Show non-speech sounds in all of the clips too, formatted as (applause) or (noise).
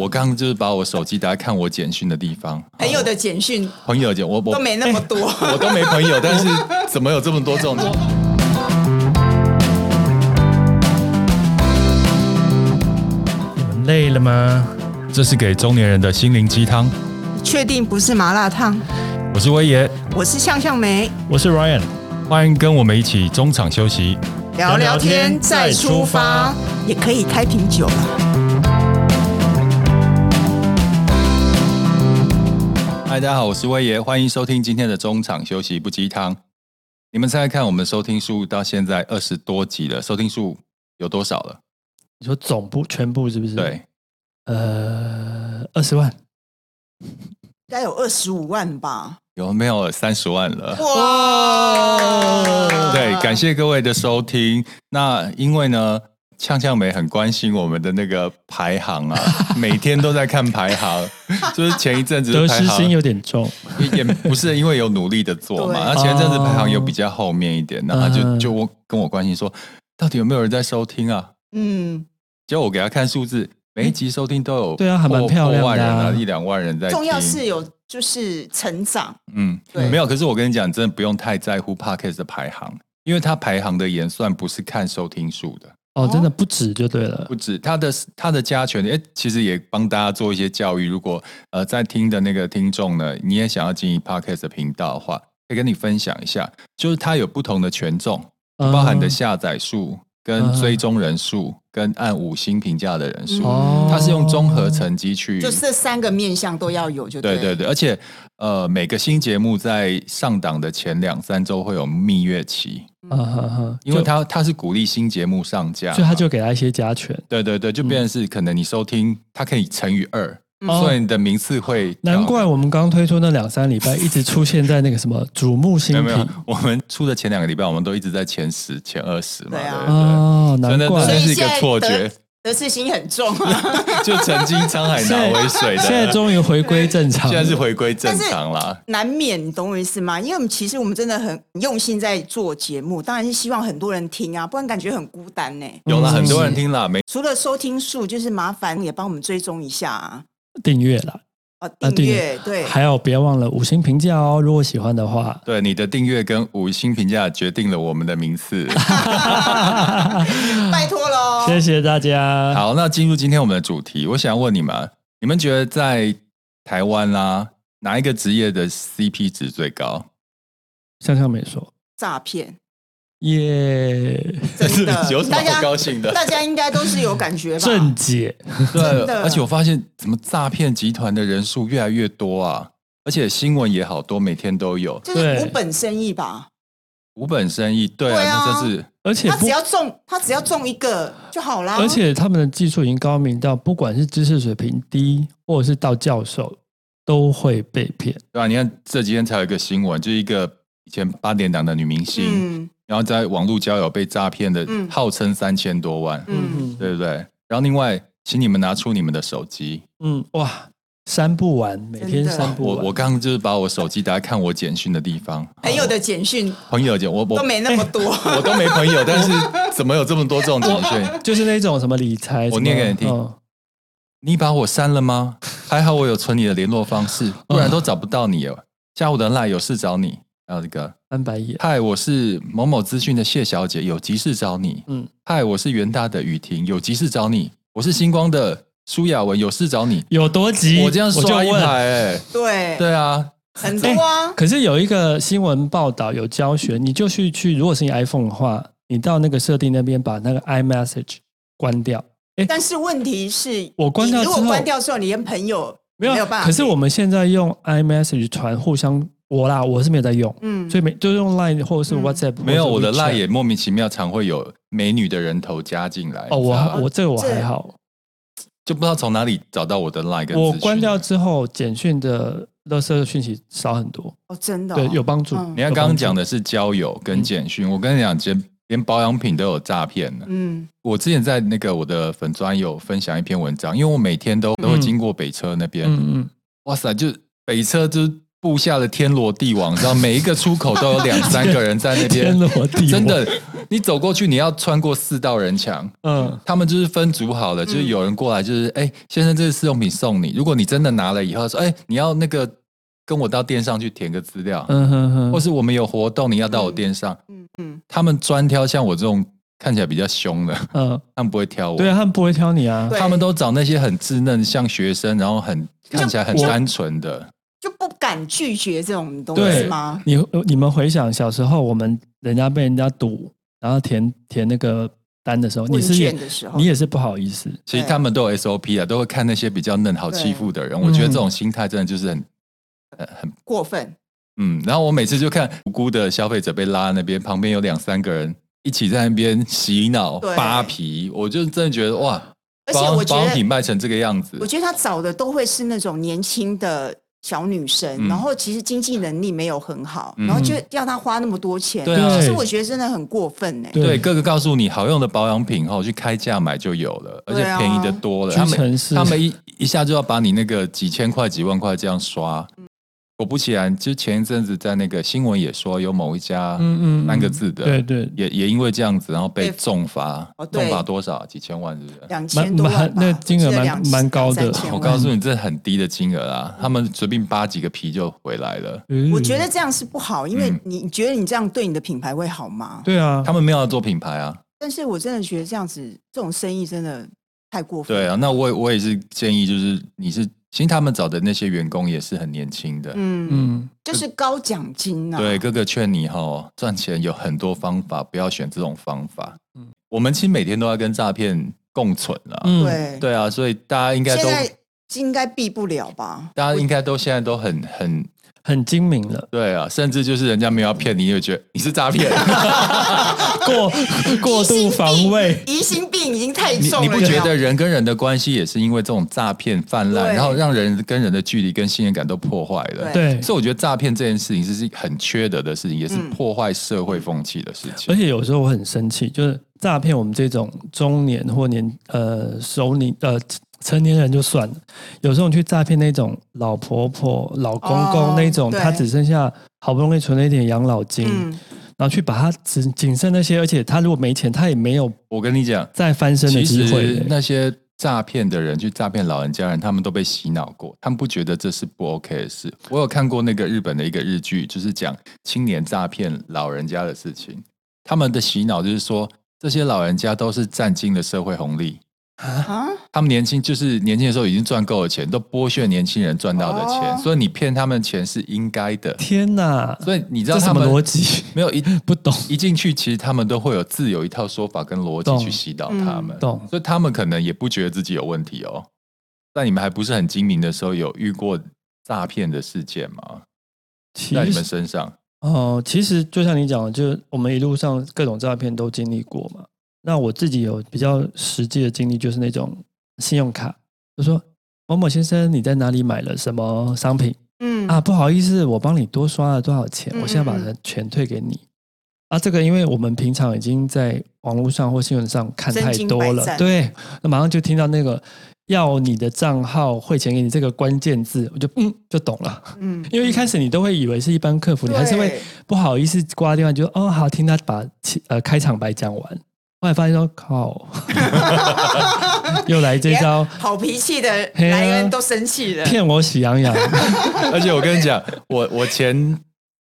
我剛剛就是把我手機打開看我簡訊的地方，朋、哎、友的簡訊，朋友簡我我都沒那麼多、哎，我都沒朋友， (laughs) 但是怎麼有這麼多這種？累了嗎？這是給中年人的心靈雞湯。你確定不是麻辣燙？我是威爺，我是向向梅，我是 Ryan，歡迎跟我們一起中場休息，聊聊天再出，再出發，也可以開瓶酒了。嗨，大家好，我是威爺，歡迎收聽今天的中場休息不雞湯。你們猜猜看，我們收聽數到現在二十多集了，收聽數有多少了？你說總部全部是不是？對，呃，二十萬，應該有二十五萬吧？有沒有三十萬了？哇！哇！對，感謝各位的收聽。那因為呢？嗆嗆梅很關心我們的那個排行啊， (laughs) 每天都在看排行， (laughs) 就是前一陣子得失心有點重，也不是因為有努力的做嘛，那、啊、前一陣子排行又比較後面一點，然後他就、啊、就跟我關心說，到底有沒有人在收聽啊？嗯，就我給他看數字，每一集收聽都有、欸、對啊，還蠻漂亮的、啊啊，一兩萬人在聽，重要是有就是成長，嗯，對對沒有。可是我跟你講，你真的不用太在乎 Podcast 的排行，因為他排行的演算不是看收聽數的。哦，真的不止就對了，不止他的他的加權，哎、欸，其實也幫大家做一些教育。如果呃在聽的那個聽眾呢，你也想要經營 podcast 頻道的話，可以跟你分享一下，就是它有不同的權重，包含的下載數、跟追蹤人數、跟按五星評價的人數，它是用綜合成績去，就這三個面向都要有就，就對對對。而且呃，每個新節目在上檔的前兩三周會有蜜月期。啊哈哈，因為他他是鼓勵新節目上架，所以他就給他一些加權，對對對，就變成是可能你收聽，嗯、他可以乘以二、嗯，所以你的名次會。難怪我們剛推出那兩三禮拜一直出現在那個什麼矚 (laughs) 目新品，沒有，我們出的前兩個禮拜我們都一直在前十、前二十嘛，對啊，真的哦，難怪，這是一個錯覺。得失心很重、啊，yeah, (laughs) 就曾經滄海難為水的 (laughs) 現，現在終於回歸正常， (laughs) 現在是回歸正常了。難免，你懂我意思嗎？因為我們其實我們真的很用心在做節目，當然是希望很多人聽啊，不然感覺很孤單呢、欸。有了很多人聽了，沒除了收聽數，就是麻煩也幫我們追蹤一下啊，訂閱了哦，訂閱對,對，還有別忘了五星評價哦。如果喜歡的話，對你的訂閱跟五星評價決定了我們的名次。 (laughs) (laughs) 謝謝大家。好，那進入今天我們的主題，我想要問你們：你們覺得在台灣啦、啊，哪一個職業的 CP 值最高？香香沒說詐騙耶，真的有什麼不高興的？大家，大家應該都是有感覺吧？正解。對，而且我發現，怎麼詐騙集團的人數越來越多啊？而且新聞也好多，每天都有，這、就是無本生意吧。無本生意，對啊，那就是，而且他只要中，他只要中一個就好啦、哦。而且他們的技術已經高明到，不管是知識水平低，或者是到教授，都會被騙。對啊，你看這幾天才有一個新聞，就是一個以前八點檔的女明星，嗯，然後在網絡交友被詐騙的、嗯，號稱三千多萬，嗯，對不對？然後另外，請你們拿出你們的手機，嗯，哇。刪不完，每天刪不完。我我剛就是把我手機打開看我簡訊的地方，朋、哎、友、哦、的簡訊，朋友簡我我都沒那麼多、欸欸，我都沒朋友， (laughs) 但是怎麼有這麼多這種簡訊？就是那種什麼理財，我念給你聽、哦。你把我刪了嗎？還好我有存你的聯絡方式、嗯，不然都找不到你哦。下午的賴有事找你，還有一、這個安排一，嗨，我是某某資訊的謝小姐，有急事找你。嗯，嗨，我是元大的雨婷，有急事找你。我是星光的。蘇雅文有事找你，有多急？我這樣說、欸，我就問。對對啊，很多啊。欸、可是有一個新聞報道有教學，你就去去。如果是你 iPhone 的話，你到那個設定那邊把那個 iMessage 關掉、欸。但是問題是，我關掉如果關掉之後你跟朋友沒有辦法。可是我們現在用 iMessage 傳互相，我啦，我是沒有在用，嗯，所以沒就用 Line 或者是 WhatsApp、嗯、或者是 WeChat。沒有我的 Line 也莫名其妙常會有美女的人頭加進來。哦，我我這個我還好。就不知道從哪裡找到我的 line 我關掉之後，簡訊的垃圾的訊息少很多哦、oh,，真的、哦、對，有幫助。嗯、你看剛剛講的是交友跟簡訊，嗯、我跟你講，連連保養品都有詐騙的。嗯，我之前在那個我的粉專有分享一篇文章，因為我每天都都會經過北車那邊，嗯哇塞，就北車就布下的天羅地網，你知道每一個出口都有兩三個人在那邊，真的。你走過去，你要穿過四道人牆，嗯，他們就是分組好了，嗯，就是有人過來，就是哎，嗯，欸，先生，這是試用品送你。如果你真的拿了以後說，哎，欸，你要那個跟我到店上去填個資料，嗯哼哼，嗯嗯，或是我們有活動，你要到我店上，嗯嗯，嗯，他們專挑像我這種看起來比較凶的，嗯，他們不會挑我，對啊，他們不會挑你啊，他們都找那些很稚嫩，像學生，然後很看起來很，很單純的就，就不敢拒絕這種東西嗎？你你們回想小時候，我們人家被人家堵。然後填填那個單的時候，你是的時候，你也是不好意思。所以他們都有 SOP 啊，都會看那些比較嫩、好欺負的人。我覺得這種心態真的就是很、嗯呃、很過分。嗯，然後我每次就看無辜的消費者被拉在那邊，旁邊有兩三個人一起在那邊洗腦扒皮，我就真的覺得哇，而且我化妝品賣成這個樣子，我覺得他找的都會是那種年輕的。小女生、嗯，然後其實經濟能力沒有很好，嗯，然後就要她花那麼多錢，對、啊，其實我覺得真的很過分哎、欸。對，哥哥告訴你，好用的保養品哈，哦，去開價買就有了，啊，而且便宜的多了。他們他們一一下就要把你那個幾千塊、幾萬塊這樣刷。果不其然，之前一陣子在那個新聞也說有某一家三個字的，嗯嗯對對，對，也也因為這樣子，然後被重罰，重罰多少？幾千萬是不是？兩千多萬。那金額蠻蠻高的。我告訴你，這很低的金額啊、嗯，他們隨便扒幾個皮就回來了。我覺得這樣是不好，因為你覺得你這樣對你的品牌會好嗎？嗯、對啊，他們沒有要做品牌啊。但是我真的覺得這樣子，這種生意真的太過分。對啊，那我我也是建議，就是你是。其實他們找的那些員工也是很年輕的，嗯嗯，就是高獎金啊。對，哥哥勸你哈、哦，賺錢有很多方法，不要選這種方法。嗯、我們其實每天都要跟詐騙共存了。對、嗯、對啊，所以大家應該都現在應該避不了吧？大家應該都現在都很很。很精明了，對啊，甚至就是人家沒有要騙你，你就覺得你是詐騙 (laughs) ，過過度防衛，疑心病已經太重了你。你不覺得人跟人的關係也是因為這種詐騙泛濫，然後讓人跟人的距離跟信任感都破壞了？對，所以我覺得詐騙這件事情是是很缺德的事情，也是破壞社會風氣的事情，嗯。而且有時候我很生氣，就是詐騙我們這種中年或年呃，熟年呃。成年人就算了，有時候你去詐騙那種老婆婆、老公公那種，哦、他只剩下好不容易存了一點養老金，嗯，然後去把他只僅剩那些，而且他如果沒錢，他也沒有，我跟你講，再翻身的機會。其實那些詐騙的人去詐騙老人家人，他們都被洗腦過，他們不覺得這是不 OK 的事。我有看過那個日本的一個日劇，就是講青年詐騙老人家的事情，他們的洗腦就是說這些老人家都是占盡了社會紅利。啊！他們年輕就是年輕的時候已經賺夠了錢，都剝削年輕人賺到的錢、哦，所以你騙他們錢是應該的。天哪！所以你知道他們什麼邏輯？沒有一不懂一進去，其實他們都會有自有一套說法跟邏輯去洗腦他們。懂、嗯，所以他們可能也不覺得自己有問題哦。在你們還不是很精明的時候，有遇過詐騙的事件嗎？在你們身上？哦，其實就像你講的，就我們一路上各種詐騙都經歷過嘛。那我自己有比較實際的經歷，就是那種信用卡，就說，某某先生，你在哪裡買了什麼商品？嗯啊，不好意思，我幫你多刷了多少錢，嗯、我現在把它全退給你。啊，這個因為我們平常已經在網絡上或新聞上看太多了，對，那馬上就聽到那個要你的賬號匯錢給你這個關鍵字，我就嗯就懂了。嗯，因為一開始你都會以為是一般客服，你還是會不好意思掛電話，就哦好，聽他把呃開場白講完。後來發現說，靠！ (laughs) 又來這一招，好脾氣的男人，啊、都生氣了。騙我喜羊羊， (laughs) 而且我跟你講，我我前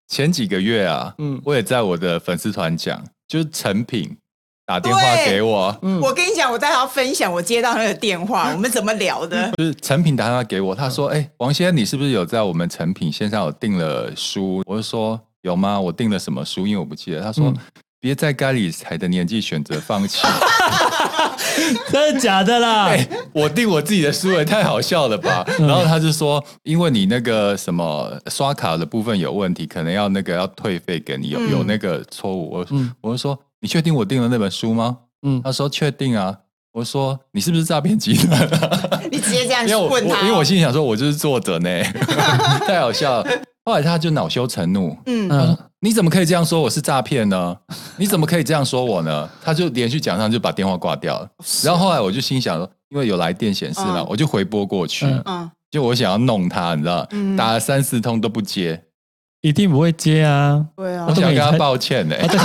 前幾個月啊，嗯，我也在我的粉絲團講，就是誠品打電話給我，嗯，我跟你講，我在他分享，我接到那個電話，我、嗯、們怎麼聊的？就是誠品打電話給我，他說：“哎、欸，王先生，你是不是有在我們誠品線上有訂了書？”我就說：“有嗎？我訂了什麼書？因為我不記得。”他說。嗯別在該理財的年紀選擇放棄、啊， (laughs) 真的假的啦、欸？我訂我自己的書也太好笑了吧、嗯？然後他就說，因為你那個什麼刷卡的部分有問題，可能要那個要退費給你，有、嗯、有那個錯誤。我我就說，你確定我訂了那本書嗎？嗯，他說確定啊。我說，你是不是詐騙集團？你直接這樣問他、啊，因，因為我心裡想說，我就是作者呢， (laughs) 太好笑了。後來他就惱羞成怒，嗯，嗯，你怎麼可以這樣說我是詐騙呢？你怎麼可以這樣說我呢？ (laughs) 他就連續講上，就把電話掛掉了、啊。然後後來我就心想說，因為有來電顯示嘛、嗯，我就回撥過去，嗯，就我想要弄他，你知道、嗯，打了三四通都不接，一定不會接啊，對啊，我想要跟他道歉呢、欸，啊、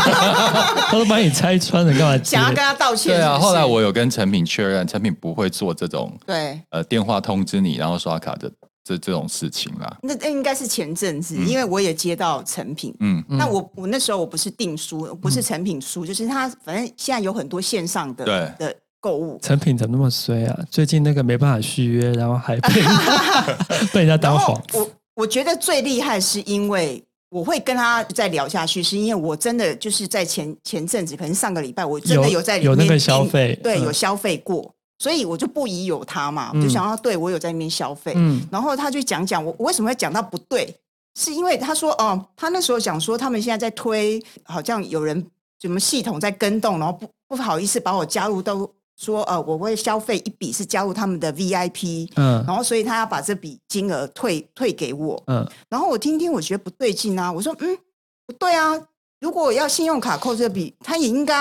(laughs) 他都把你拆穿了幹嘛？想要跟他道歉是不是，對啊。後來我有跟成品確認，成品不會做這種，對，呃，電話通知你，然後刷卡的。這這種事情啦、啊,那那應該是前陣子、嗯,因為我也接到成品,嗯,那我我那時候我不是訂書,不是成品書、嗯,就是他反正現在有很多線上的,對的購物。成品怎麼那麼衰啊？最近那個沒辦法續約，然後還被 (laughs) (laughs) 被人家當幌子。我我覺得最厲害是因為我會跟他再聊下去，是因為我真的就是在前前陣子，可能上個禮拜我真的有在有,有那個消費，對、嗯，有消費過。所以我就不疑有他嘛、嗯，就想要對我有在那邊消費。嗯，然後他就講講我，我為什麼會講到不對？是因為他說，哦，他那時候講說他們現在在推，好像有人什麼系統在更動，然後不不好意思把我加入，到說呃，我會消費一筆是加入他們的 VIP。嗯，然後所以他要把這筆金額退退給我。嗯，然後我聽聽，我覺得不對勁啊。我說，嗯，不對啊。如果要信用卡扣這筆，他也應該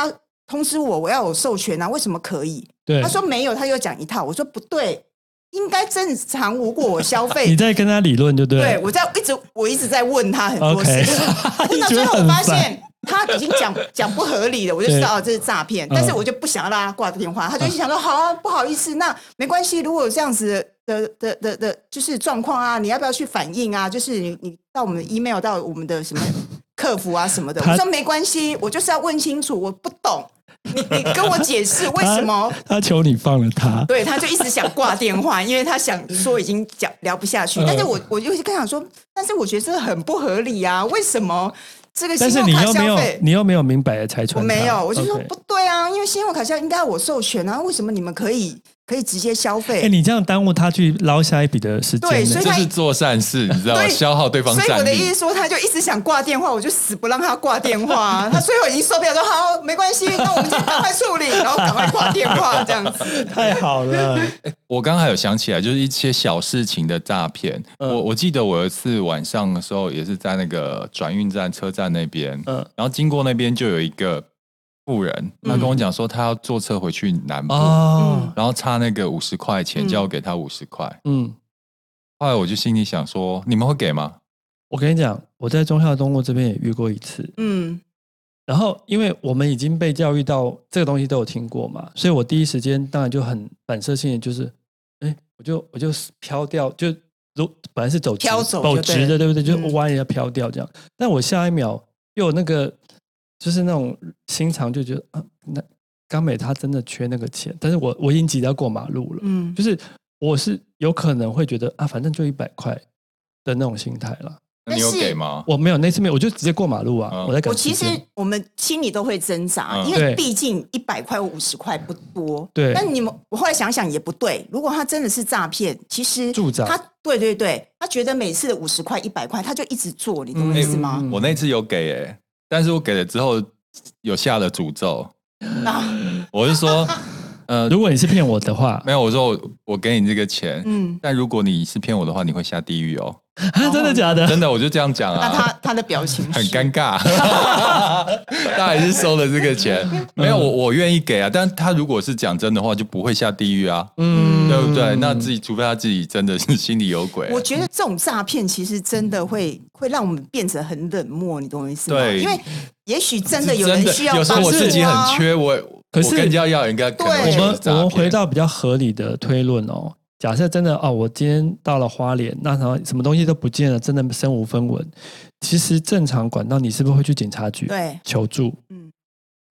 通知我，我要有授權啊。為什麼可以？他說沒有，他又講一套。我說不對，應該正常。無果我消費， (laughs) 你在跟他理論就對了。對，我在一直我一直在問他很多事情，真、okay. 最 (laughs) 後我發現 (laughs) 他已經講 (laughs) 講不合理的，我就知道這是詐騙。但是我就不想要讓他掛電話，嗯、他就想說好、啊，不好意思，嗯、那沒關係。如果這樣子的的的的，的就是狀況啊，你要不要去反映啊？就是你你到我們的 email，到我們的什麼客服啊什麼的。 (laughs) 我說沒關係，我就是要問清楚，我不懂。 (laughs) 你你跟我解釋為什麼他？他求你放了他， (laughs) 對，他就一直想掛電話，因為他想說已經講聊不下去。嗯、但是我我就是剛想說，但是我覺得這很不合理啊，為什麼這個信用卡消費，你又沒有明白的拆穿？我沒有，我就說、okay. 不對啊，因為信用卡消費應該要我授權啊，為什麼你們可以？可以直接消費。哎、欸，你這樣耽誤他去撈下一筆的時間，這、就是做善事，你知道嗎？消耗對方善。所以我的意思說，他就一直想掛電話，我就死不讓他掛電話。 (laughs) 他最後已經受不了，說：“好，沒關係，那我們就趕快處理， (laughs) 然後趕快掛電話。”這樣子太好了。 (laughs) 我剛剛還有想起來，就是一些小事情的詐騙、呃。我我記得我有一次晚上的時候，也是在那個轉運站車站那邊，嗯、呃，然後經過那邊就有一個。路人，他跟我講說他要坐車回去南部，嗯哦、然後差那個五十塊錢，叫、嗯、我給他五十塊。嗯，後來我就心裡想說：你們會給嗎？我跟你講，我在忠孝東路這邊也遇過一次。嗯，然後因為我們已經被教育到這個東西都有聽過嘛，所以我第一時間當然就很反射性的就是，哎，我就我就飄掉，就如本來是走直走直的，對不對？嗯、就彎一下飄掉這樣。但我下一秒又有那個。就是那種心腸就覺得啊，那剛美他真的缺那個錢，但是我我已經急着過馬路了，嗯，就是我是有可能會覺得啊，反正就一百塊的那種心態了。你有給嗎？我沒有，那次沒有，我就直接過馬路啊。嗯、我在趕時間。其實我們心裡都會掙扎、嗯，因為畢竟一百塊、五十塊不多。嗯、對。那你們，我後來想想也不對。如果他真的是詐騙，其實他助長。對，對對對，他覺得每次的五十塊、一百塊，他就一直做，你懂我意思嗎、嗯欸？我那次有給哎、欸但是我給了之後，有下了詛咒。我是說，呃，如果你是騙我的話，沒有，我說我，我給你這個錢，嗯，但如果你是騙我的話，你會下地獄哦。啊，真的假的？真的，我就這樣講啊。那他他的表情很尷尬， (laughs) 他還是收了這個錢。嗯，沒有，我我願意給啊。但他如果是講真的話，就不會下地獄啊。嗯。嗯，對不對？那自己除非他自己真的是心裡有鬼，啊。我覺得這種詐騙其實真的會會讓我們變成很冷漠，你懂我意思嗎？對，因為也許真的有人需要。是有時候我自己很缺，我可是更加要應該對，我們我們回到比較合理的推論哦。假設真的哦，我今天到了花蓮，那然後什麼東西都不見了，真的身無分文。其實正常管道，你是不是會去警察局對求助？嗯。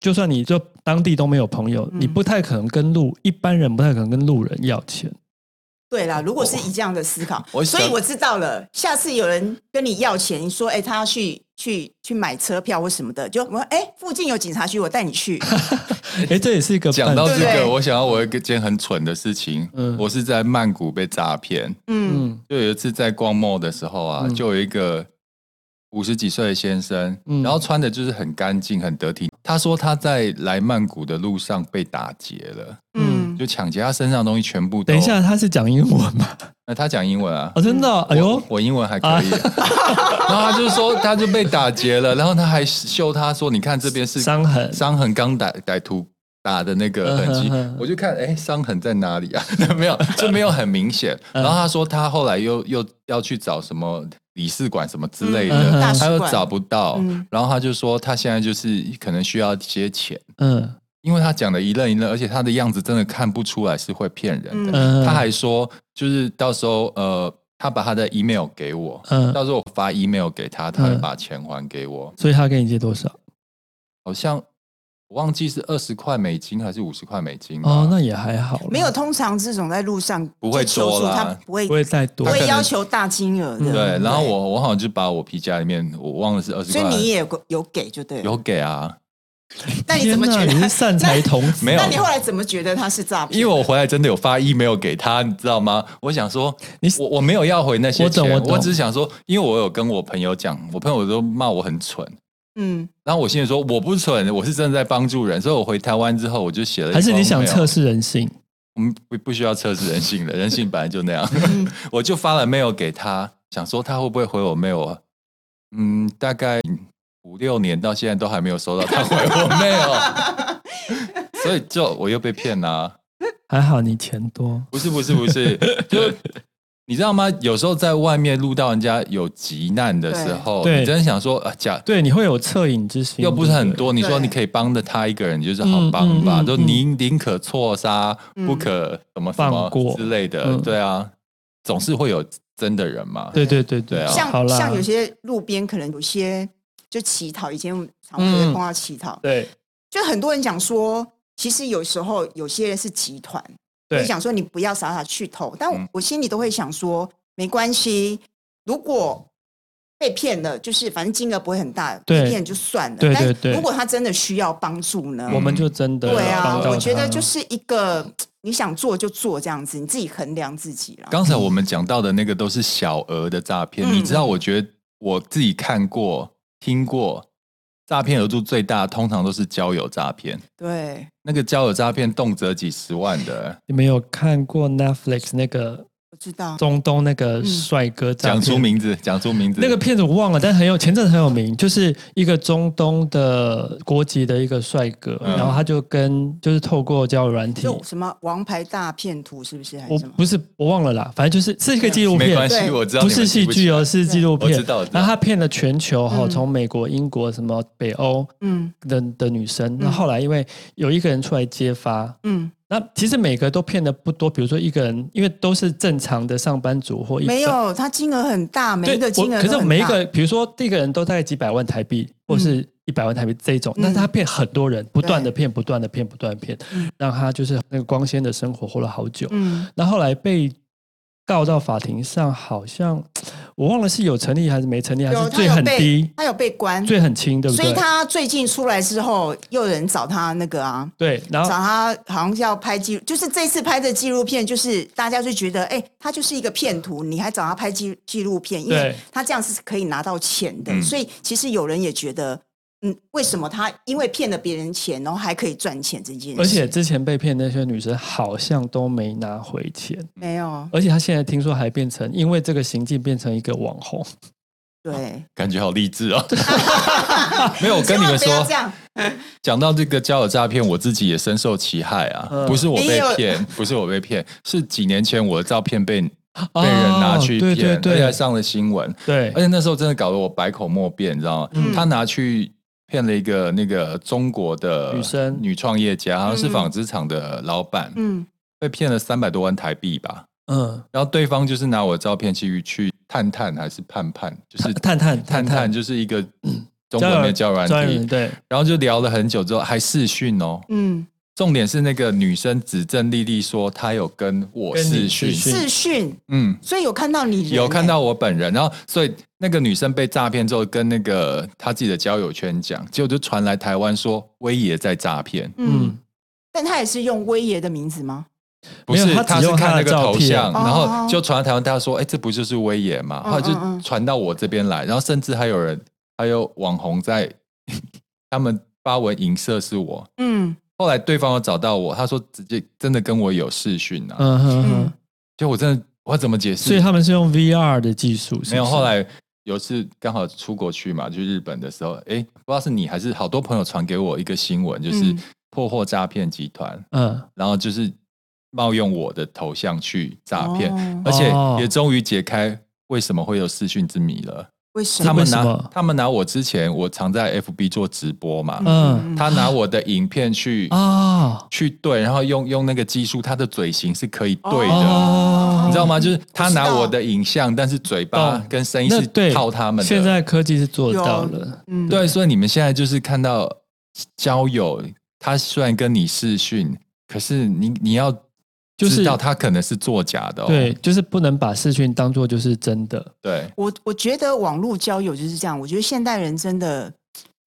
就算你就當地都沒有朋友，嗯、你不太可能跟路一般人不太可能跟路人要錢。對啦，如果是以這樣的思考，我，我所以我知道了，下次有人跟你要錢，你說哎、欸，他要去去去買車票或什麼的，就我說哎，附近有警察局，我帶你去。哎、 (laughs) 欸，這也是一個講到這個，我想到我一個件很蠢的事情，嗯、我是在曼谷被詐騙。嗯，就有一次在逛 mall 的時候啊，嗯、就有一個。五十幾歲的先生，嗯，然後穿的就是很乾淨、很得體。嗯、他說他在來曼谷的路上被打劫了，嗯，就搶劫他身上的東西全部都。等一下，他是講英文嗎？那、啊、他講英文啊？哦，真的、哦，哎呦我，我英文還可以、啊。啊、 (laughs) 然後他就說，他就被打劫了，然後他還秀，他說：“你看這邊是傷痕，傷痕剛歹歹徒。”打的那個痕迹，uh, huh, huh. 我就看，哎、欸，傷痕在哪裡啊？ (laughs) 沒有，這沒有很明顯。 (laughs) uh, 然後他說他後來又又要去找什麼理事館什麼之類的，uh, huh. 他又找不到。Uh, huh. 然後他就說他現在就是可能需要一些錢。嗯、uh, huh.，因為他講的一愣一愣，而且他的樣子真的看不出來是會騙人的。Uh, huh. 他還說，就是到時候呃，他把他的 email 給我，uh, huh. 到時候我發 email 給他，他會把錢還給我。所以他跟你借多少？好像。我忘記是二十塊美金還是五十塊美金哦，那也還好。沒有，通常這種在路上求求不會多，他不會不會，多不會要求大金額的、嗯對。對，然後我我好像就把我皮夾裡面，我忘了是二十塊，所以你也有有給就對了，有給啊。那你怎麼覺得、啊、你是善財童子？ (laughs) 沒有， (laughs) 那你後來怎麼覺得他是詐騙？因為我回來真的有發一沒有給他，你知道嗎？我想說你我我沒有要回那些錢，我我，我只是想說，因為我有跟我朋友講，我朋友都罵我很蠢。嗯，然後我心裡說我不蠢，我是正在幫助人，所以我回台灣之後我就寫了。還是你想測試人性？我們不不需要測試人性的， (laughs) 人性本來就那樣。 (laughs) 我就發了 mail 給他，想說他會不會回我 mail 啊？嗯，大概五六年到現在都還沒有收到他回我 mail， (laughs) 所以就我又被騙啦，啊。還好你錢多。不是不是不是，就。 (laughs) 你知道嗎？有時候在外面錄到人家有急難的時候，你真的想說啊，假對，你會有惻隱之心，又不是很多。你說你可以幫的他一個人，就是好幫吧？嗯嗯嗯、就寧寧可錯殺、嗯，不可什麼放過之類的、嗯。對啊，總是會有真的人嘛。對對對對，對、啊，像好啦，像有些路邊可能有些就乞討，以前常會碰到乞討、嗯。對，就很多人講說，其實有時候有些人是集團。你想說你不要傻傻去投，但我心裡都會想說沒關係、嗯，如果被騙了，就是反正金額不會很大，被騙就算了。對，對，對，但如果他真的需要幫助呢，我們就真的對啊。我覺得就是一個你想做就做這樣子，你自己衡量自己啦。剛才我們講到的那個都是小額的詐騙、嗯，你知道？我覺得我自己看過、聽過。詐騙額度最大，通常都是交友詐騙。對，那個交友詐騙動輒幾十萬的。你沒有看過 Netflix 那個？知道中東那個帥哥、嗯，講出名字，講出名字。那個片子我忘了，但很有前陣子很有名、嗯，就是一個中東的國籍的一個帥哥、嗯，然後他就跟就是透過交友軟體，什麼王牌大騙徒是不是,還是？我不是我忘了啦，反正就是是一個紀錄片，我知道不是戲劇，哦，是紀錄片。我知道。然後他騙了全球哈、喔，從、嗯、美國、英國什麼北歐，嗯的的女生。那後,後來因為有一個人出來揭發，嗯。那其實每個都騙的不多，比如說一個人，因為都是正常的上班族或一沒有，他金額很大，每一個金額很大，對，可是每一個，比如說第一個人都大概幾百萬台幣，嗯、或是一百萬台幣這種，但是他騙很多人不、嗯，不斷的騙，不斷的騙，不斷的騙、嗯，讓他就是那個光鮮的生活活了好久。那、嗯、後來被告到法庭上，好像。我忘了是有成立還是沒成立，有他有被還是罪很低，他有被，他有被關，罪很輕，對不對？所以他最近出來之後，又有人找他那個啊，對，然後找他好像是要拍紀，就是這次拍的紀錄片，就是大家就覺得，哎，他就是一個騙徒，你還找他拍紀紀錄片，因為他這樣是可以拿到錢的，所以其實有人也覺得。嗯，為什麼他因為騙了別人錢，然後還可以賺錢這件事？而且之前被騙那些女生好像都沒拿回錢，沒有。而且他現在聽說還變成因為這個行徑變成一個網紅，對，啊、感覺好勵志哦。 (laughs) (laughs) (laughs) 沒有，我跟你們說，講 (laughs) 到這個交友詐騙，我自己也深受其害啊。不是我被騙，不是我被騙， (laughs) 是幾年前我的照片被被人拿去騙，啊，對，對，對，對，而且還上了新聞。對，而且那時候真的搞得我百口莫辯，你知道嗎？嗯、他拿去。騙了一個那個中國的女生女創業家，嗯，好像是紡織廠的老板，嗯，被騙了三百多萬台幣吧，嗯，然後對方就是拿我的照片去去探探還是盼盼，就是探探探探，探探就是一個中國的交友軟體對，然後就聊了很久之後還視訊哦，嗯。重點是那個女生指證歷歷說，她有跟我是視訊，嗯，所以有看到你人，有看到我本人，欸，然後所以那個女生被詐騙之後，跟那個她自己的交友圈講，結果就傳來台灣說威爺在詐騙，嗯，嗯，但她也是用威爺的名字嗎？不是，她是看那個頭像，哦，然後就傳到台灣，他說：“哎，欸，這不就是威爺嗎？”然後就傳到我這邊來，嗯嗯嗯，然後甚至還有人，還有網紅在他們發文影射是我，嗯。後來對方又找到我，他說直接真的跟我有視訊吶、啊，uh -huh. 嗯哼，就我真的我怎麼解釋？所以他們是用 VR 的技術，沒有。後來有一次剛好出國去嘛，就日本的時候，哎、欸，不知道是你還是好多朋友傳給我一個新聞，就是破獲詐騙集團，嗯、uh -huh.，然後就是冒用我的頭像去詐騙，uh -huh. 而且也終於解開為什麼會有視訊之謎了。為什麼？他們拿他們拿我之前，我常在 FB 做直播嘛，嗯，嗯他拿我的影片去、啊、去對，然後用用那個技術，他的嘴型是可以對的、哦，你知道嗎？就是他拿我的影像，但是嘴巴跟聲音是靠他們的、哦。現在科技是做到了，嗯，對，所以你們現在就是看到交友，他雖然跟你視訊，可是你你要。就是要他可能是作假的、哦，對，就是不能把視訊當做就是真的。對我，我覺得網絡交友就是這樣。我覺得現代人真的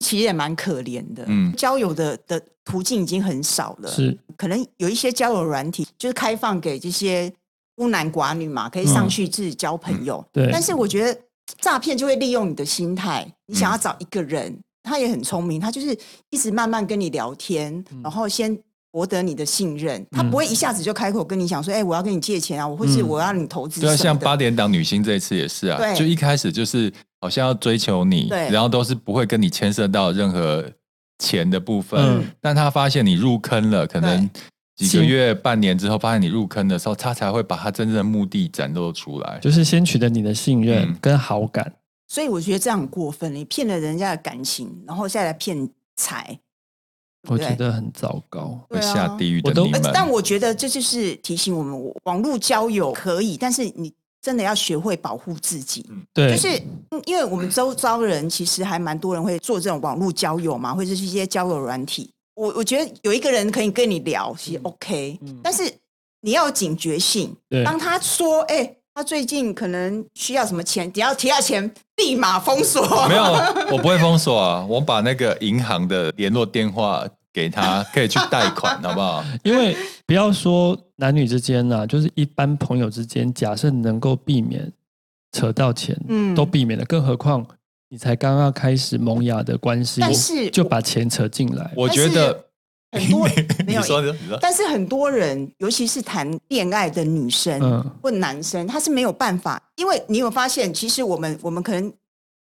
其實也蠻可憐的，嗯，交友的的途徑已經很少了，是。可能有一些交友軟體，就是開放給這些孤男寡女嘛，可以上去自己交朋友。對、嗯。但是我覺得詐騙就會利用你的心態，你想要找一個人，嗯、他也很聰明，他就是一直慢慢跟你聊天，嗯、然後先。博得你的信任、嗯，他不會一下子就開口跟你講說：“哎、欸，我要跟你借錢啊！”我會是我要你投資、嗯。對啊，像八點檔女星這一次也是啊對，就一開始就是好像要追求你，然後都是不會跟你牽涉到任何錢的部分、嗯。但他發現你入坑了，可能幾個月、半年之後，發現你入坑的時候，他才會把他真正的目的展露出來，就是先取得你的信任、嗯、跟好感。所以我覺得這樣很過分，你騙了人家的感情，然後再來騙財。我覺得很糟糕，啊、會下地獄的你們。但我覺得這就是提醒我們，我網絡交友可以，但是你真的要學會保護自己。嗯、對，就是、嗯、因為我們周遭人其實還蠻多人會做這種網絡交友嘛，或者是一些交友軟體。我我覺得有一個人可以跟你聊其實 OK，、嗯嗯、但是你要警覺性。當他說：“哎、欸。”他最近可能需要什麼錢？只要提到錢，立馬封鎖。沒有，我不會封鎖啊。我把那個銀行的聯絡電話給他，可以去貸款， (laughs) 好不好？因為不要說男女之間啊，就是一般朋友之間，假設能夠避免扯到錢，嗯，都避免了。更何況你才剛剛開始萌芽的關係，但是就把錢扯進來，我覺得。 (laughs) 很多沒有，但是很多人，尤其是談戀愛的女生或男生，嗯，他是沒有辦法，因為你有發現，其實我們我們可能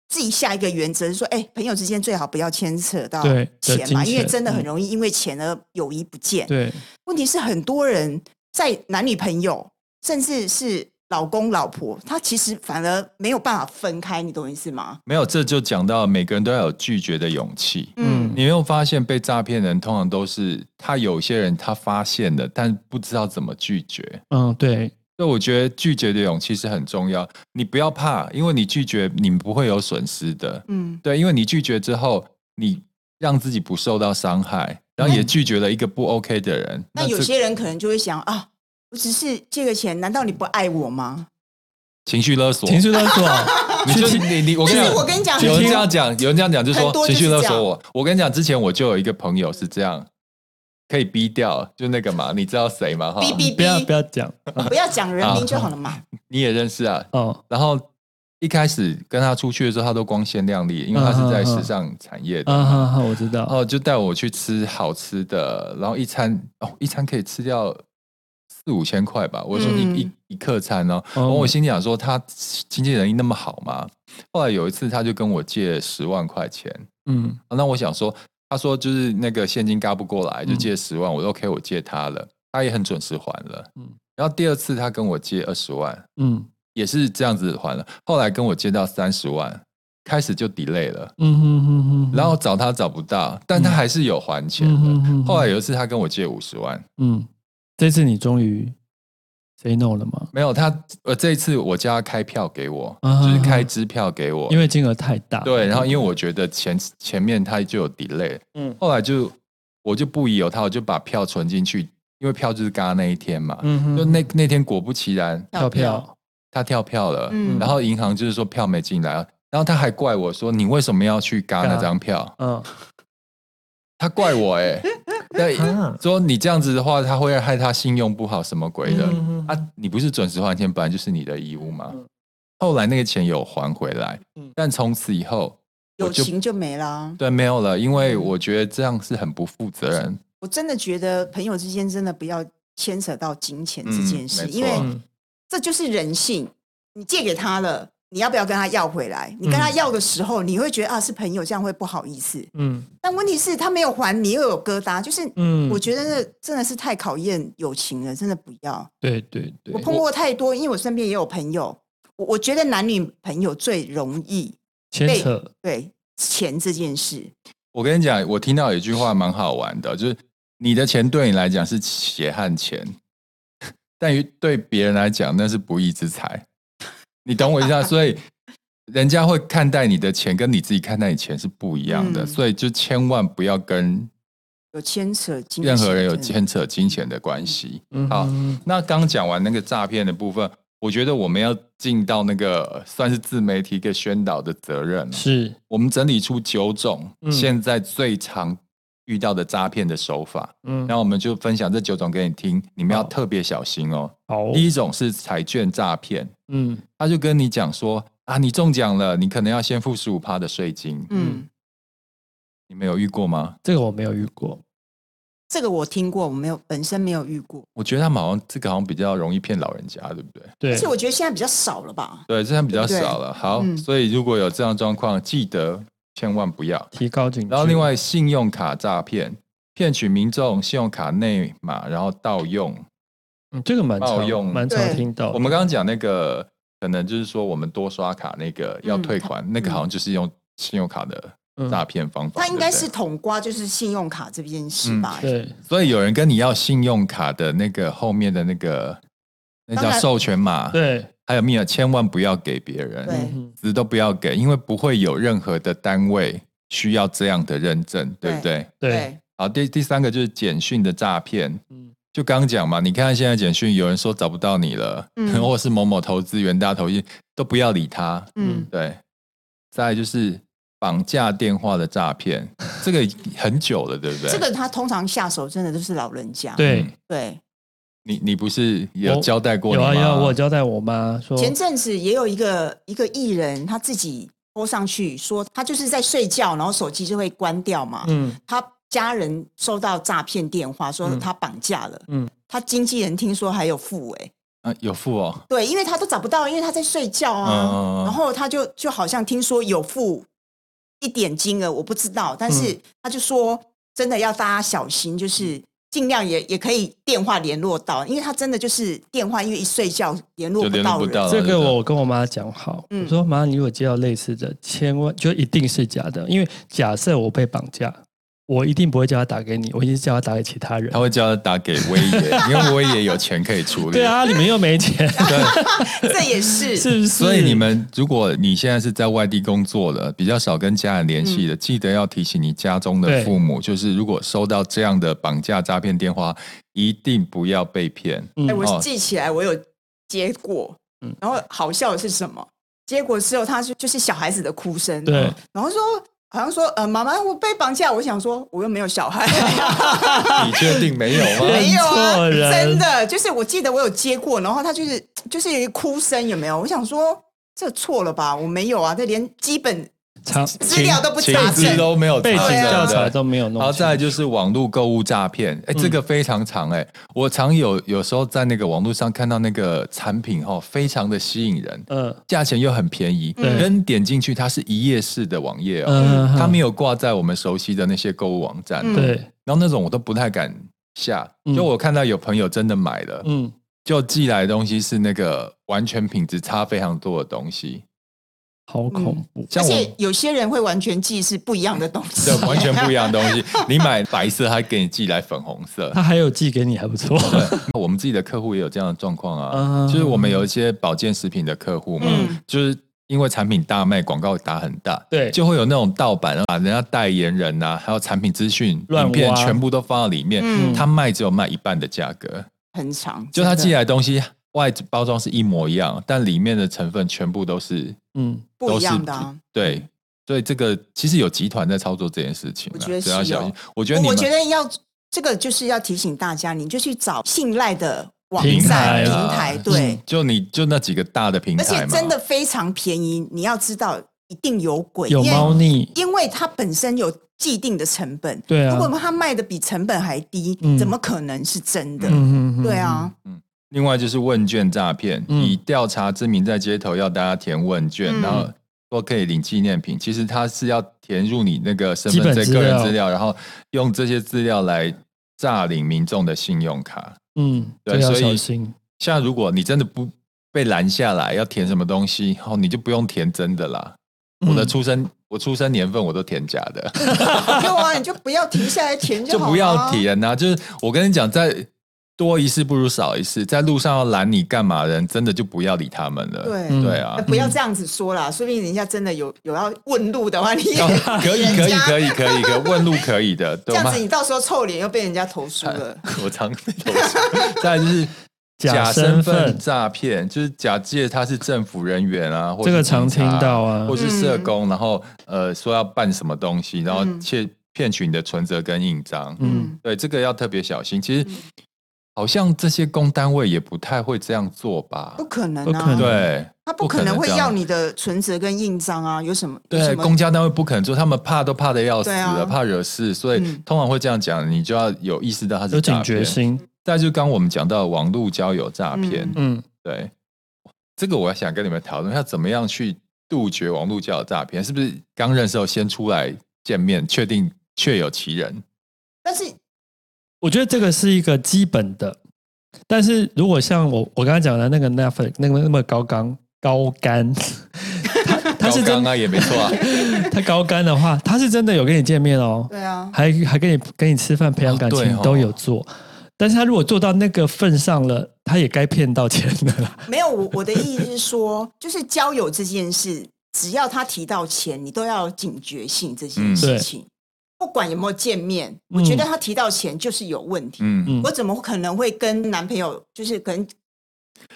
自己下一個原則是說，哎、欸，朋友之間最好不要牽扯到錢嘛，因為真的很容易、嗯、因為錢而友誼不見。對，問題是很多人在男女朋友，甚至是。老公老婆，他其實反而沒有辦法分開，你懂我意思嗎？沒有，這就講到每個人都要有拒絕的勇氣。嗯，你沒有發現被詐騙的人通常都是他，有些人他發現了，但不知道怎麼拒絕。嗯，對。所以我覺得拒絕的勇氣是很重要。你不要怕，因為你拒絕，你不會有損失的。嗯，對，因為你拒絕之後，你讓自己不受到傷害，然後也拒絕了一個不 OK 的人。那，那，那，那有些人可能就會想，啊。我只是借、這個錢，難道你不愛我嗎？情緒勒索，情緒勒索、啊， (laughs) 你就是你你我跟你我跟你講，有人這樣講，有人這樣講，就說情緒勒索我。我跟你講，之前我就有一個朋友是這樣，可以逼掉，就那個嘛，你知道誰嗎？逼。不要不要講， (laughs) 不要講人名就好了嘛。啊、你也認識啊？哦、啊。然後一開始跟他出去的時候，他都光鮮亮麗、啊，因為他是在時尚產業的。啊啊、啊、啊，我知道。哦，就帶我去吃好吃的，然後一餐哦，一餐可以吃掉，四五千塊吧、嗯，我，我說你一一客餐呢、哦，嗯，我心裡想說他經濟能力那麼好嗎？後來有一次他就跟我借十萬塊錢，嗯、啊，那我想說，他說就是那個現金軋不過來，就借十萬，嗯、我 OK，我借他了，他也很準時還了，嗯，然後第二次他跟我借二十萬，嗯，也是這樣子還了，後來跟我借到三十萬，開始就 delay 了，嗯嗯嗯嗯，然後找他找不到，但他還是有還錢的，嗯、後來有一次他跟我借五十萬，嗯哼哼哼。嗯這次你終於 say no 了嗎？沒有，他呃，這次我叫他開票給我、啊，就是開支票給我，因為金額太大。對，然後因為我覺得前、嗯、前面他就有 delay，嗯，後來就我就不疑有他，我就把票存進去，因為票就是嘎那一天嘛，嗯哼，就那那天果不其然跳票，他跳票了，嗯，然後銀行就是說票沒進來，然後他還怪我說，你為什麼要去嘎那張票？啊、 (laughs) 他怪我哎、欸。 (laughs) 對，說你這樣子的話，他會害他信用不好，什麼鬼的、嗯嗯嗯。啊，你不是準時還錢，本來就是你的義務嗎？後來那個錢有還回來，嗯、但從此以後友情就沒了、啊就。對，沒有了，因為我覺得這樣是很不負責任、嗯。我真的覺得朋友之間真的不要牽扯到金錢這件事，嗯、因為這就是人性。你借給他了。你要不要跟他要回來？你跟他要的時候，嗯、你會覺得啊，是朋友，這樣會不好意思。嗯。但問題是，他沒有還，你又有疙瘩，就是嗯，我覺得那真的是太考驗友情了，嗯，真的不要。對對對。我碰過太多，因為我身邊也有朋友，我我覺得男女朋友最容易牽扯對錢這件事。我跟你講，我聽到有一句話蠻好玩的，就是你的錢對你來講是血汗錢，但於對別人來講那是不義之財。你等我一下，所以人家會看待你的錢，跟你自己看待你的錢是不一樣的，嗯，所以就千萬不要跟有牽扯任何人有牽扯金錢的關係。嗯。好，那剛講完那個詐騙的部分，我覺得我們要盡到那個算是自媒體一個宣導的責任。是。我們整理出九種，嗯，現在最常。遇到的詐騙的手法，嗯，然後我們就分享這九種給你聽，你們要特別小心哦。好、哦，第一種是彩券詐騙，嗯，他就跟你講說啊，你中獎了，你可能要先付十五趴的稅金，嗯，嗯，你沒有遇過嗎？這個我沒有遇過，這個我聽過，我沒有本身沒有遇過。我覺得他們好像這個好像比較容易騙老人家，對不對？對。而且我覺得現在比較少了吧？對，現在比較少了。對對好、嗯，所以如果有這樣狀況，記得。千萬不要提高警惕。然後另外，信用卡詐騙，騙取民眾信用卡內碼，然後盜用，嗯，這個蠻盜用蠻常聽到。我們剛剛講那個，可能就是說，我們多刷卡那個要退款，嗯，那個好像就是用信用卡的詐騙方法。它，嗯嗯、應該是統刮，就是信用卡這邊是吧，嗯？對。所以有人跟你要信用卡的那個後面的那個，那叫授權碼，對。還有密鑰，千萬不要給別人。對，值，都不要給，因為不會有任何的單位需要這樣的認證，對不對，對？對。好，第第三個就是簡訊的詐騙，嗯，就剛講嘛，你看現在簡訊，有人說找不到你了，嗯，或者是某某投資、元大投資，都不要理他，嗯，對。再來就是綁架電話的詐騙，這個很久了， (laughs) 對不對？這個他通常下手真的都是老人家，對對。你你不是也有交代過？有啊，有，我有交代我媽。前陣子也有一個一個藝人，他自己 PO 上去說他就是在睡覺，然後手機就會關掉嘛。嗯，他家人收到詐騙電話，說他綁架了。嗯，嗯，他經紀人聽說還有付哎、欸、啊有付哦，對，因為他都找不到，因為他在睡覺啊。嗯嗯嗯、然後他就就好像聽說有付一點金額，我不知道，但是他就說真的要大家小心，就是、嗯。儘量也也可以電話聯絡到，因為他真的就是電話，因為一睡覺聯絡不到人，就是、這，這個我跟我媽講好、嗯，我說媽，你如果接到類似的，千萬就一定是假的，因為假設我被綁架。我一定不會叫他打給你，我一定是叫他打給其他人。他會叫他打給威爺， (laughs) 因為威爺有錢可以處理。 (laughs) 對啊，你們又沒錢。 (laughs) 對 (laughs) 這也是，是不是？所以你們，如果你現在是在外地工作的，比較少跟家人聯繫的、嗯，記得要提醒你家中的父母，就是如果收到這樣的綁架詐騙電話，一定不要被騙。哎、嗯欸，我是記起來，我有接過，嗯，然後好笑的是什麼？結果之後他是就是小孩子的哭聲，對，然後說。好像說，呃，媽媽，我被綁架。我想說，我又沒有小孩。 (laughs) (laughs) 你確定沒有嗎？沒有啊，真的，就是我記得我有接過，然後他就是就是有一哭聲，有沒有？我想說，這錯了吧？我沒有啊，這連基本。資料都不完整，資都沒有背景對、啊、對教材都沒有弄好。然後再來，就是網絡購物詐騙，哎、嗯，欸，這個非常長、欸、我常有有時候在那個網絡上看到那個產品哈、喔，非常的吸引人，嗯，價錢又很便宜，人、嗯、點進去，它是一頁式的網頁啊、喔，嗯、，它沒有掛在我們熟悉的那些購物網站，對、嗯。然後那種我都不太敢下，嗯、就我看到有朋友真的買了，嗯，就寄來的東西是那個完全品質差非常多的東西。好恐怖！嗯、像我而且有些人會完全寄是不一樣的東西， (laughs) 對，完全不一樣的東西。你買白色，他給你寄來粉紅色，他還有寄給你還不錯 (laughs) 我們自己的客戶也有這樣的狀況啊、嗯，就是我們有一些保健食品的客戶嘛、嗯，就是因為產品大賣，廣告打很大，對，就會有那種盜版，然後把人家代言人吶、啊，還有產品資訊、影片全部都放到裡面，嗯嗯、他賣只有賣一半的價格，很長，就他寄來的東西。外包裝是一模一樣，但裡面的成分全部都是嗯都是，不一樣的、啊。對，所以這個其實有集團在操作這件事情。我覺得是要小心，我覺得你我，我覺得要這個就是要提醒大家，你就去找信賴的網站平台，平台。對，嗯、就你就那幾個大的平台，而且真的非常便宜。你要知道，一定有鬼，有貓膩，因為它本身有既定的成本。對、啊，如果它賣的比成本還低、嗯，怎麼可能是真的？嗯哼哼哼對啊，嗯。另外就是問卷詐騙、嗯，以調查之名在街頭要大家填問卷、嗯，然後說可以領紀念品，其實他是要填入你那個身份證個人資料，然後用這些資料來詐領民眾的信用卡。嗯，對，小心。所以像如果你真的不被攔下來，要填什麼東西，然、哦、後你就不用填真的啦、嗯。我的出生，我出生年份我都填假的。有啊，你就不要停下來填就好，就不要填啊。 (laughs) 就是我跟你講，在。多一事不如少一事，在路上要攔你幹嘛的人，真的就不要理他們了。對、嗯、對啊、呃，不要這樣子說啦。說不定人家真的有有要問路的話你也，你、哦、可以可以可以，可以，可，以，可，以問路可以的問路，可以的。這樣子你到時候臭臉又被人家投訴了、啊。我常投訴，再來就 (laughs) 是假身份詐騙就是假借他是政府人員啊，或者警察、這個常聽到啊，或是社工，然後呃說要辦什麼東西，然後竊騙、嗯、取你的存折跟印章。嗯，對，這個要特別小心。其實。嗯好像這些公單位也不太會這樣做吧？不可能啊！能對，他不可能會要你的存折跟印章啊，有什麼？對麼，公家單位不可能做，他們怕都怕得要死了、啊，怕惹事，所以通常會這樣講，你就要有意識到他是有警覺心。但就是剛我們講到網絡交友詐騙，嗯，對，這個我要想跟你們討論，他怎麼樣去杜絕網絡交友詐騙？是不是剛認識後先出來見面，確定確有其人？但是。我覺得這個是一個基本的，但是如果像我，我剛才講的那個 Netflix 那個那麼高，剛高干，高干 (laughs) 啊也沒錯啊，他高干的話，他是真的有跟你見面哦，對啊，還還跟你跟你吃飯培養感情，哦哦、都有做，但是他如果做到那個份上了，他也該騙到錢了。沒有，我我的意思是說，就是交友這件事，只要他提到錢，你都要警覺性這件事情。嗯不管有沒有見面，嗯，我覺得他提到錢就是有問題。嗯嗯，我怎麼可能會跟男朋友就是可能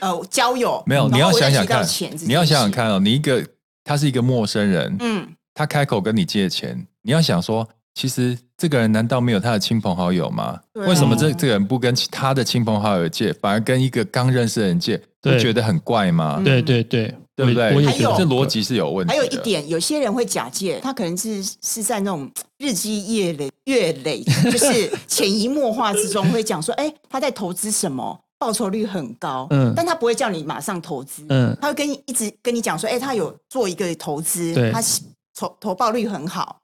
呃交友？沒有，你要想想看，你要想想看哦，你一個他是一個陌生人，嗯，他開口跟你借錢，你要想說，其實這個人難道沒有他的親朋好友嗎？啊，為什麼這這個人不跟其他的親朋好友借，反而跟一個剛認識的人借，你覺得很怪嗎？對對對。對對不對？還有這邏輯是有問題。還有。還有一點，有些人會假借，他可能是是在那種日積月累，月累，就是潛移默化之中會講說，哎、 (laughs) 欸，他在投資什麼，報酬率很高，嗯，但他不會叫你馬上投資，嗯，他會跟一直跟你講說，哎、欸，他有做一個投資，他投投報率很好，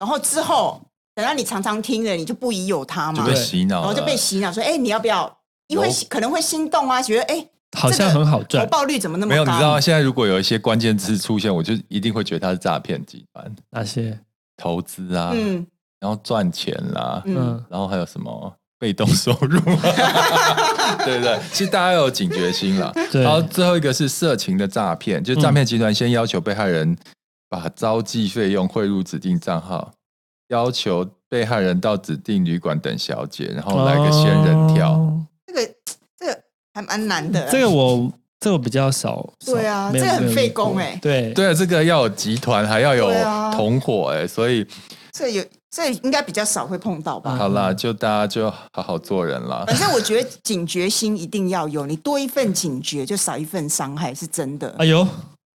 然後之後等到你常常聽了，你就不疑有他嘛，然後就被洗腦說，哎、欸，你要不要？因為可能會心動啊，覺得哎。欸好像很好賺，回報率怎麼那麼高、啊？沒有，你知道嗎？現在如果有一些關鍵字出現，我就一定會覺得它是詐騙集團。那些投資啊、嗯，然後賺錢啦、啊嗯，然後還有什麼被動收入、啊？ (laughs) (laughs) 對，對對？其實大家要有警覺心了、嗯。然後最後一個是色情的詐騙，就是詐騙集團先要求被害人把召妓費用匯入指定賬號要求被害人到指定旅館等小姐，然後來個仙人跳、哦。這個。還蠻難的、欸，這個我，這個比較少，少。對啊，這個很費工哎、欸。對對、啊，這個要有集團，還要有同夥哎、欸，所以，所以，所以應該比較少會碰到吧。啊、好啦、嗯，就大家就好好做人啦。反正我覺得警覺心一定要有， (laughs) 你多一份警覺，就少一份傷害，是真的。哎呦，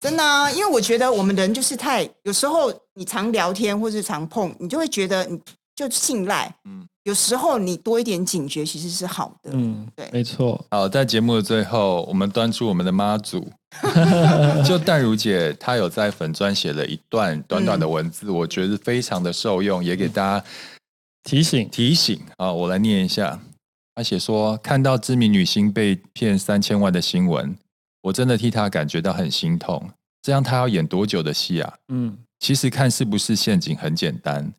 真的啊，因為我覺得我們人就是太，有時候你常聊天或是常碰，你就會覺得你。就信賴，嗯，有時候你多一點警覺其實是好的，嗯，對，沒錯。好，在節目的最後，我們端出我們的媽祖。 (laughs) 就淡如姐，她有在粉專寫了一段短短的文字、嗯，我覺得非常的受用，也給大家提、嗯、醒提醒。啊，我來念一下，她寫說：看到知名女星被騙三千萬的新聞，我真的替她感覺到很心痛。這樣她要演多久的戲啊？嗯，其實看是不是陷阱很簡單，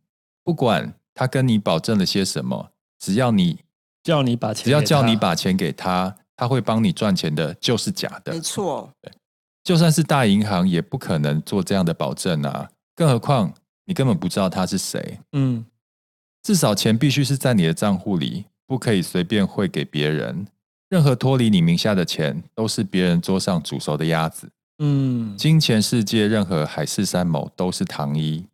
不管。他跟你保證了些什麼？只要你叫你把錢，只要叫你把錢給他，他會幫你賺錢的，就是假的。沒錯，就算是大銀行也不可能做這樣的保證啊！更何況你根本不知道他是誰。嗯，至少錢必須是在你的賬戶裡，不可以隨便匯給別人。任何脫離你名下的錢，都是別人桌上煮熟的鴨子。嗯，金錢世界，任何海誓山盟都是糖衣。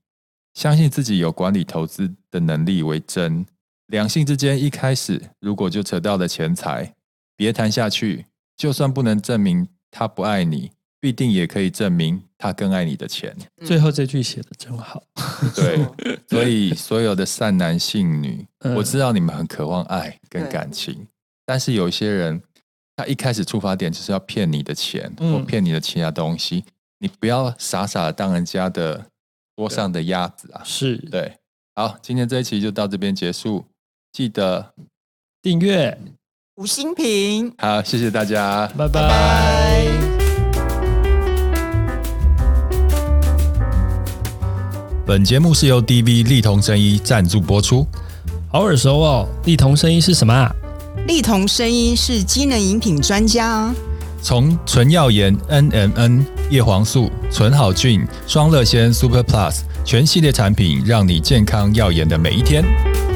相信自己有管理投資的能力為真。兩性之間，一開始如果就扯到了錢財，別談下去。就算不能證明他不愛你，必定也可以證明他更愛你的錢。嗯、最後這句寫得真好。對，所以所有的善男信女、嗯，我知道你們很渴望愛跟感情，但是有一些人，他一開始出發點就是要騙你的錢或騙你的其他東西、嗯，你不要傻傻的當人家的。桌上的鴨子啊，是，對。好，今天這一期就到這邊結束，記得訂閱五星評。好，謝謝大家，拜拜，拜。本節目是由 DV 麗彤生醫贊助播出，好耳熟哦，麗彤生醫是什麼？麗彤生醫是機能飲品專家，啊。從純耀顏 NMN 葉黃素、純好菌、雙樂仙 Super Plus 全系列產品，讓你健康耀顏的每一天。